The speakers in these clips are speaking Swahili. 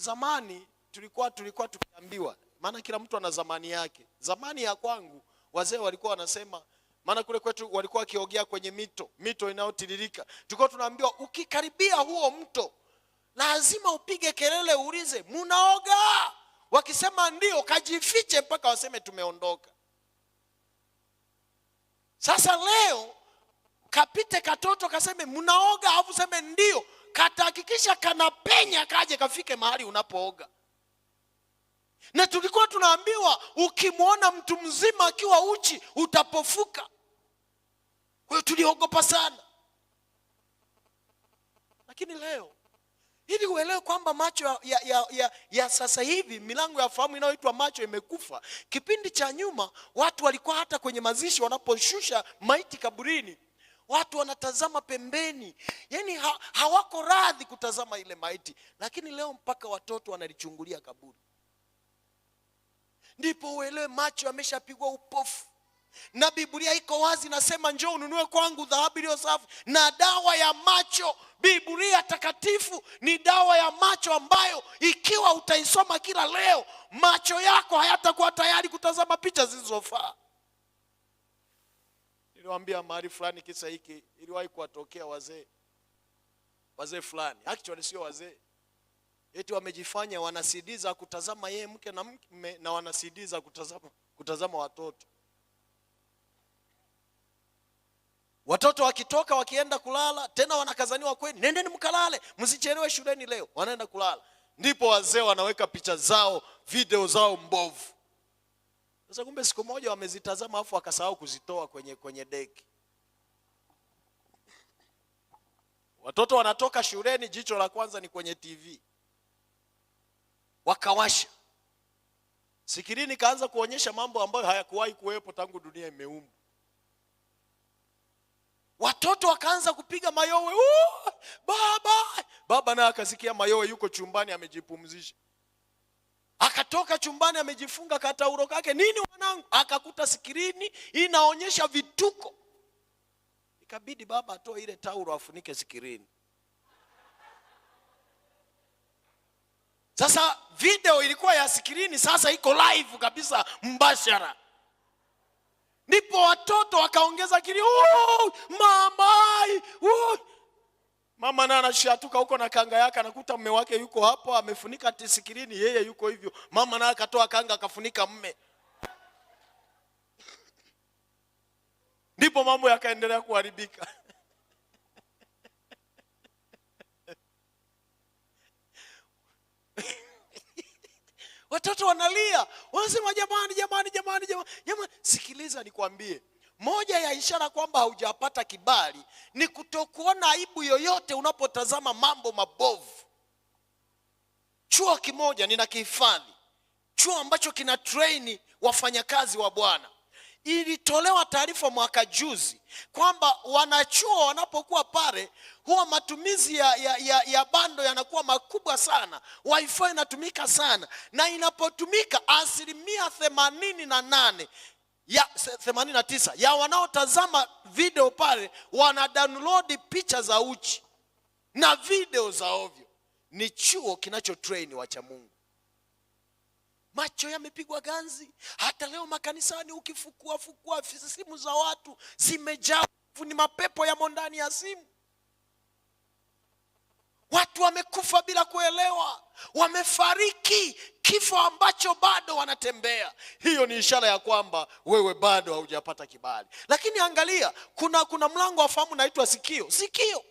Zamani tulikuwa tulikuwa tukiambiwa, maana kila mtu ana zamani yake. Zamani ya kwangu wazee walikuwa wanasema, maana kule kwetu walikuwa wakiogea kwenye mito, mito inayotiririka. Tulikuwa tunaambiwa ukikaribia huo mto lazima upige kelele, uulize munaoga. Wakisema ndio, kajifiche mpaka waseme tumeondoka. Sasa leo kapite katoto kaseme munaoga alafu seme ndio katahakikisha kanapenya kaje kafike mahali unapooga. Na tulikuwa tunaambiwa ukimwona mtu mzima akiwa uchi utapofuka. Kwa hiyo tuliogopa sana, lakini leo ili uelewe kwamba macho ya, ya, ya, ya sasa hivi, milango ya fahamu inayoitwa macho imekufa. Kipindi cha nyuma watu walikuwa hata kwenye mazishi, wanaposhusha maiti kaburini watu wanatazama pembeni, yaani ha, hawako radhi kutazama ile maiti. Lakini leo mpaka watoto wanalichungulia kaburi. Ndipo uelewe macho ameshapigwa upofu, na Biblia iko wazi, nasema njoo ununue kwangu dhahabu iliyo safi na dawa ya macho. Biblia takatifu ni dawa ya macho ambayo ikiwa utaisoma kila leo, macho yako hayatakuwa tayari kutazama picha zilizofaa niwaambia mahali fulani kisa hiki iliwahi kuwatokea wazee wazee fulani, actually sio wazee, eti wamejifanya wana CD za kutazama yeye mke na mke, na wana CD za kutazama, kutazama watoto. Watoto wakitoka wakienda kulala tena wanakazaniwa kweli, nendeni mkalale, msichelewe shuleni leo. Wanaenda kulala, ndipo wazee wanaweka picha zao, video zao mbovu sasa kumbe siku moja wamezitazama afu wakasahau kuzitoa kwenye, kwenye deki. Watoto wanatoka shuleni, jicho la kwanza ni kwenye TV, wakawasha sikirini, kaanza kuonyesha mambo ambayo hayakuwahi kuwepo tangu dunia imeumbwa. Watoto wakaanza kupiga mayowe, baba baba, naye akasikia mayowe, yuko chumbani amejipumzisha. Akatoka chumbani amejifunga katauro kake nini, wanangu, akakuta skrini inaonyesha vituko. Ikabidi baba atoe ile tauro afunike skrini. Sasa video ilikuwa ya skrini, sasa iko live kabisa mbashara. Ndipo watoto wakaongeza kilio, mama Mama naye anashatuka huko na kanga yake, anakuta mume wake yuko hapo amefunika tisikirini, yeye yuko hivyo. Mama naye akatoa kanga akafunika mme ndipo mambo yakaendelea kuharibika. Watoto wanalia wanasema, jamani, jamani, jamani, jamani, jamani. Sikiliza nikwambie. Moja ya ishara kwamba haujapata kibali ni kutokuona aibu yoyote unapotazama mambo mabovu. Chuo kimoja ninakihifadhi, chuo ambacho kina traini wafanyakazi wa Bwana. Ilitolewa taarifa mwaka juzi kwamba wanachuo wanapokuwa pale huwa matumizi ya, ya, ya, ya bando yanakuwa makubwa sana, wifi inatumika sana, na inapotumika asilimia themanini na nane ya 89 ya wanaotazama video pale wana download picha za uchi na video za ovyo. Ni chuo train wacha Mungu. Macho yamepigwa ganzi. Hata leo makanisani ukifukua fukua simu za watu zimejaa, ni mapepo yamo ndani ya simu. Watu wamekufa bila kuelewa, wamefariki kifo ambacho bado wanatembea. Hiyo ni ishara ya kwamba wewe bado haujapata kibali. Lakini angalia, kuna kuna mlango wa fahamu unaitwa sikio. Sikio,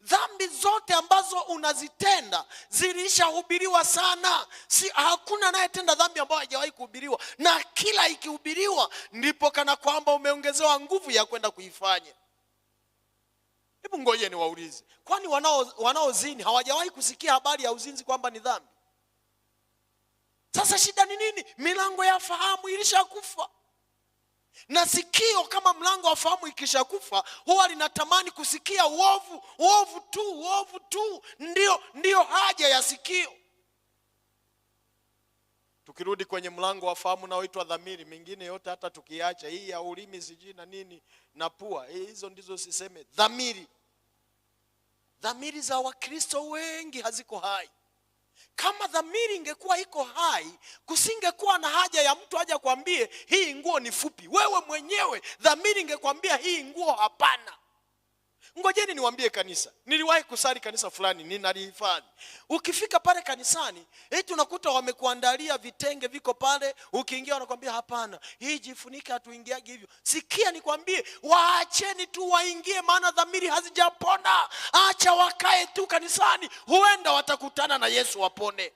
dhambi zote ambazo unazitenda zilishahubiriwa sana. Si, hakuna anayetenda dhambi ambayo haijawahi kuhubiriwa, na kila ikihubiriwa ndipo kana kwamba umeongezewa nguvu ya kwenda kuifanya. Hebu ngoje niwaulize, kwani wanaozini wanao hawajawahi kusikia habari ya uzinzi kwamba ni dhambi? Sasa shida ni nini? Milango ya fahamu ilishakufa, na sikio kama mlango wa fahamu ikishakufa, huwa linatamani kusikia uovu, uovu tu, uovu tu. ndio ndio haja ya sikio. Tukirudi kwenye mlango wa fahamu unaoitwa dhamiri, mingine yote hata tukiacha, hii ya ulimi sijui na nini na pua, hizo ndizo siseme, dhamiri dhamiri za Wakristo wengi haziko hai. Kama dhamiri ingekuwa iko hai, kusingekuwa na haja ya mtu aje kwambie hii nguo ni fupi. Wewe mwenyewe dhamiri ingekwambia hii nguo hapana. Ngojeni niwaambie kanisa. Niliwahi kusali kanisa fulani, ninalihifadhi. Ukifika pale kanisani, eti unakuta wamekuandalia vitenge viko pale, ukiingia wanakwambia hapana, hii jifunike, hatuingiagi hivyo. Sikia nikwambie, waacheni tu waingie, maana dhamiri hazijapona. Acha wakae tu kanisani, huenda watakutana na Yesu wapone.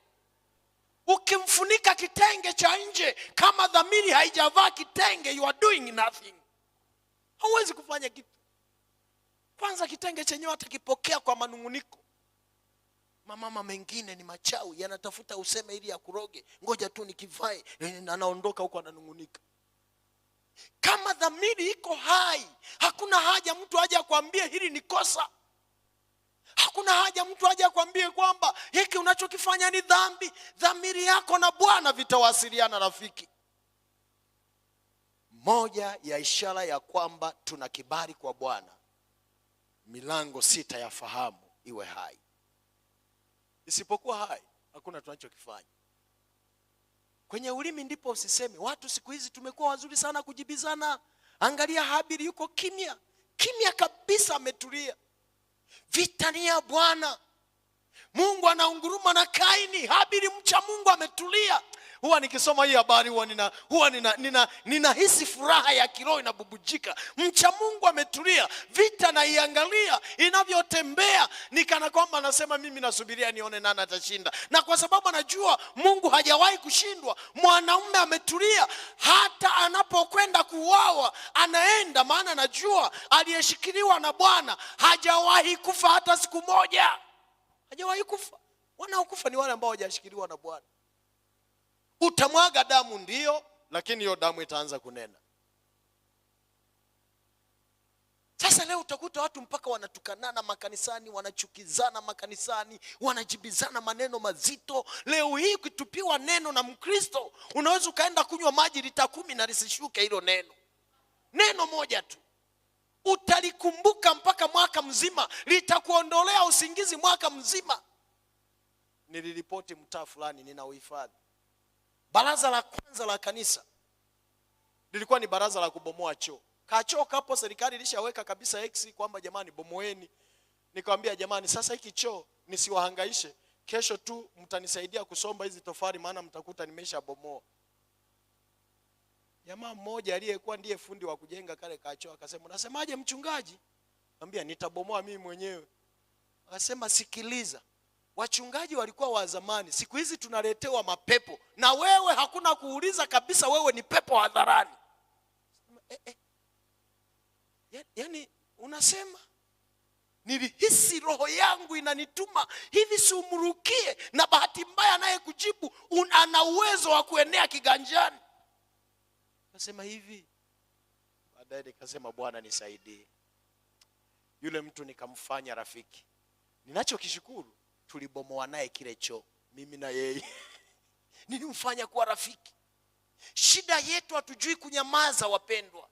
Ukimfunika kitenge cha nje, kama dhamiri haijavaa kitenge, you are doing nothing. Hauwezi kufanya kitu. Kwanza kitenge chenyewe atakipokea kwa manunguniko. Mamama mengine ni machawi, yanatafuta useme ili yakuroge, ngoja tu nikivae. Anaondoka huko ananungunika. Kama dhamiri iko hai, hakuna haja mtu aje akwambie hili ni kosa. Hakuna haja mtu aje akwambie kwamba hiki unachokifanya ni dhambi. Dhamiri yako na Bwana vitawasiliana, rafiki. Moja ya ishara ya kwamba tuna kibali kwa Bwana milango sita ya fahamu iwe hai. Isipokuwa hai, hakuna tunachokifanya. Kwenye ulimi ndipo usisemi. Watu siku hizi tumekuwa wazuri sana kujibizana. Angalia habiri yuko kimya kimya kabisa, ametulia. Vitania Bwana Mungu anaunguruma na Kaini. habiri mcha Mungu ametulia. Huwa nikisoma hii habari huwa nina huwa nina nina ninahisi furaha ya kiroho inabubujika. Mcha Mungu ametulia, vita naiangalia inavyotembea, nikana kwamba nasema mimi nasubiria nione nani atashinda, na kwa sababu anajua Mungu hajawahi kushindwa. Mwanaume ametulia, hata anapokwenda kuuawa anaenda, maana anajua aliyeshikiliwa na Bwana hajawahi kufa hata siku moja, hajawahi kufa. Wanaokufa ni wale ambao hawajashikiliwa na Bwana. Utamwaga damu ndiyo, lakini hiyo damu itaanza kunena. Sasa leo utakuta watu mpaka wanatukanana makanisani, wanachukizana makanisani, wanajibizana maneno mazito. Leo hii ukitupiwa neno na Mkristo unaweza ukaenda kunywa maji lita kumi na lisishuke hilo neno, neno moja tu utalikumbuka mpaka mwaka mzima, litakuondolea usingizi mwaka mzima Niliripoti mtaa fulani, nina uhifadhi Baraza la kwanza la kanisa lilikuwa ni baraza la kubomoa choo. Kachoo kapo, serikali ilishaweka kabisa X kwamba jamani, bomoeni. Nikamwambia jamani, sasa hiki choo nisiwahangaishe, kesho tu mtanisaidia kusomba hizi tofali, maana mtakuta nimeshabomoa. Jamaa mmoja aliyekuwa ndiye fundi wa kujenga kale kachoo akasema, unasemaje mchungaji? Ambia nitabomoa mimi mwenyewe. Akasema, sikiliza Wachungaji walikuwa wa zamani, siku hizi tunaletewa mapepo na wewe hakuna kuuliza kabisa, wewe ni pepo hadharani. Eh, eh. Yaani unasema nilihisi roho yangu inanituma hivi, siumrukie, na bahati mbaya anayekujibu ana uwezo wa kuenea kiganjani. Nasema hivi, baadaye nikasema Bwana nisaidie. Yule mtu nikamfanya rafiki. Ninachokishukuru tulibomoa naye kile choo, mimi na yeye nilimfanya kuwa rafiki. Shida yetu hatujui kunyamaza, wapendwa.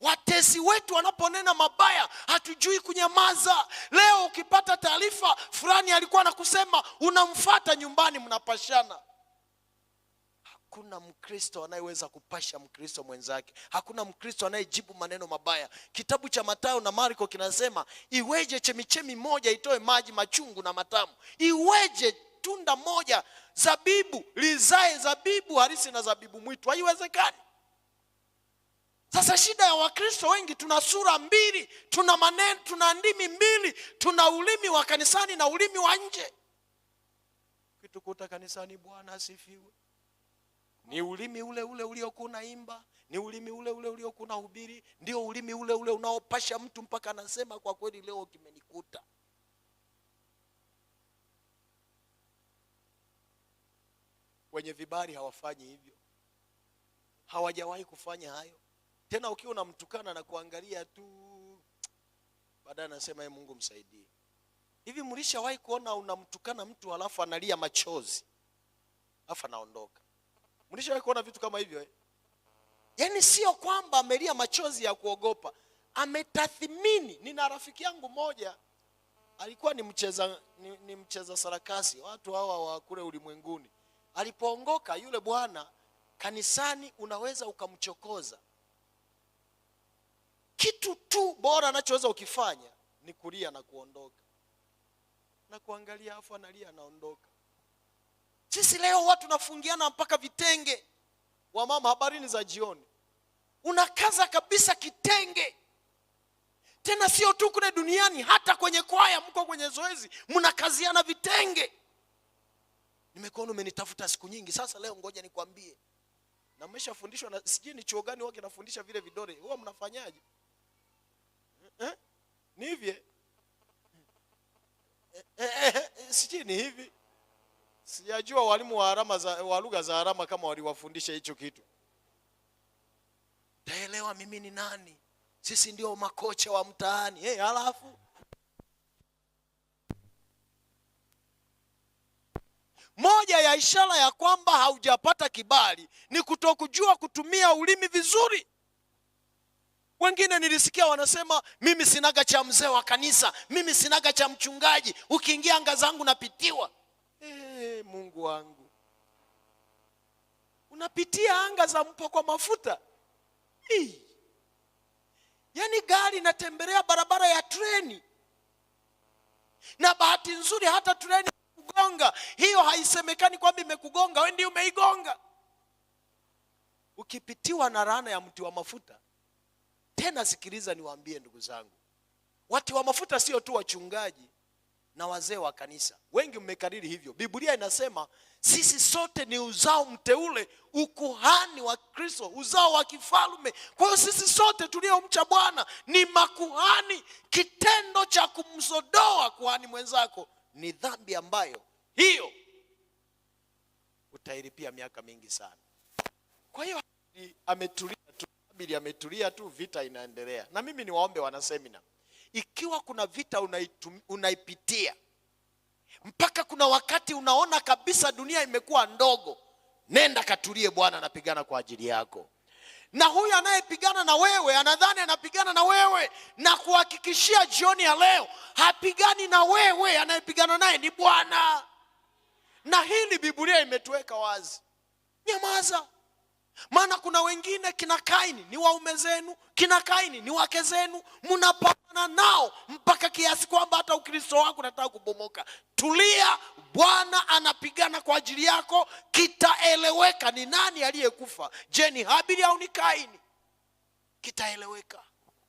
Watesi wetu wanaponena mabaya hatujui kunyamaza. Leo ukipata taarifa fulani alikuwa anakusema, unamfata nyumbani, mnapashana hakuna Mkristo anayeweza kupasha Mkristo mwenzake, hakuna Mkristo anayejibu maneno mabaya. Kitabu cha Mathayo na Marko kinasema iweje chemichemi moja itoe maji machungu na matamu? Iweje tunda moja zabibu lizae zabibu halisi na zabibu mwitu? Haiwezekani. Sasa shida ya Wakristo wengi, tuna sura mbili, tuna maneno, tuna ndimi mbili, tuna ulimi wa kanisani na ulimi wa nje. kitukuta kanisani, Bwana asifiwe ni ulimi ule ule uliokuwa unaimba, ni ulimi ule ule uliokuwa unahubiri, ndio ulimi ule ule unaopasha mtu mpaka anasema kwa kweli leo kimenikuta. Wenye vibali hawafanyi hivyo, hawajawahi kufanya hayo. Tena ukiwa unamtukana na kuangalia tu, baadaye anasema ye, ee, Mungu msaidie. Hivi mlishawahi kuona unamtukana mtu halafu analia machozi halafu anaondoka? Mlishawahi kuona vitu kama hivyo eh? Yaani sio kwamba amelia machozi ya kuogopa, ametathmini. Nina rafiki yangu moja alikuwa ni mcheza, ni, ni mcheza sarakasi, watu hawa wa kule ulimwenguni. Alipoongoka yule bwana kanisani, unaweza ukamchokoza kitu tu, bora anachoweza ukifanya ni kulia na kuondoka na kuangalia, afu analia anaondoka. Sisi leo watu nafungiana mpaka vitenge. Wamama, habarini za jioni, unakaza kabisa kitenge tena sio tu kule duniani, hata kwenye kwaya mko kwenye zoezi mnakaziana vitenge. Nimekuona umenitafuta siku nyingi sasa, leo ngoja nikwambie. Na mmeshafundishwa na sijui ni chuo gani wake nafundisha vile vidole, huwa mnafanyaje eh, eh? ni hivi eh? eh, eh, eh, eh sijui ni hivi Sijajua walimu wa alama za wa lugha za alama kama waliwafundisha hicho kitu. Taelewa mimi ni nani? Sisi ndio makocha wa mtaani. Eh, hey, halafu moja ya ishara ya kwamba haujapata kibali ni kutokujua kutumia ulimi vizuri. Wengine nilisikia wanasema mimi sinaga cha mzee wa kanisa, mimi sinaga cha mchungaji, ukiingia anga zangu napitiwa ee, Mungu wangu, unapitia anga za kwa mafuta Hii. Yaani gari inatembelea barabara ya treni, na bahati nzuri hata treni kugonga hiyo haisemekani kwamba imekugonga, wewe ndio umeigonga. Ukipitiwa na laana ya mti wa mafuta tena, sikiliza niwaambie ndugu zangu, wati wa mafuta sio tu wachungaji na wazee wa kanisa. Wengi mmekariri hivyo. Biblia inasema sisi sote ni uzao mteule, ukuhani wa Kristo, uzao wa kifalme. Kwa hiyo sisi sote tuliomcha Bwana ni makuhani. Kitendo cha kumsodoa kuhani mwenzako ni dhambi ambayo hiyo utairipia miaka mingi sana. Kwa hiyo ametulia tu, ametulia tu, vita inaendelea. Na mimi niwaombe wanasemina ikiwa kuna vita unaitum, unaipitia mpaka kuna wakati unaona kabisa dunia imekuwa ndogo, nenda katulie, Bwana anapigana kwa ajili yako. Na huyu anayepigana na wewe anadhani anapigana na wewe, na kuhakikishia jioni ya leo hapigani na wewe, anayepigana naye ni Bwana. Na hili Biblia imetuweka wazi, nyamaza. Maana kuna wengine kina Kaini ni waume zenu, kina Kaini ni wake zenu, mnapambana nao mpaka kiasi kwamba hata Ukristo wako unataka kubomoka. Tulia, Bwana anapigana kwa ajili yako. Kitaeleweka ni nani aliyekufa. Je, ni Habili au ni Kaini? Kitaeleweka.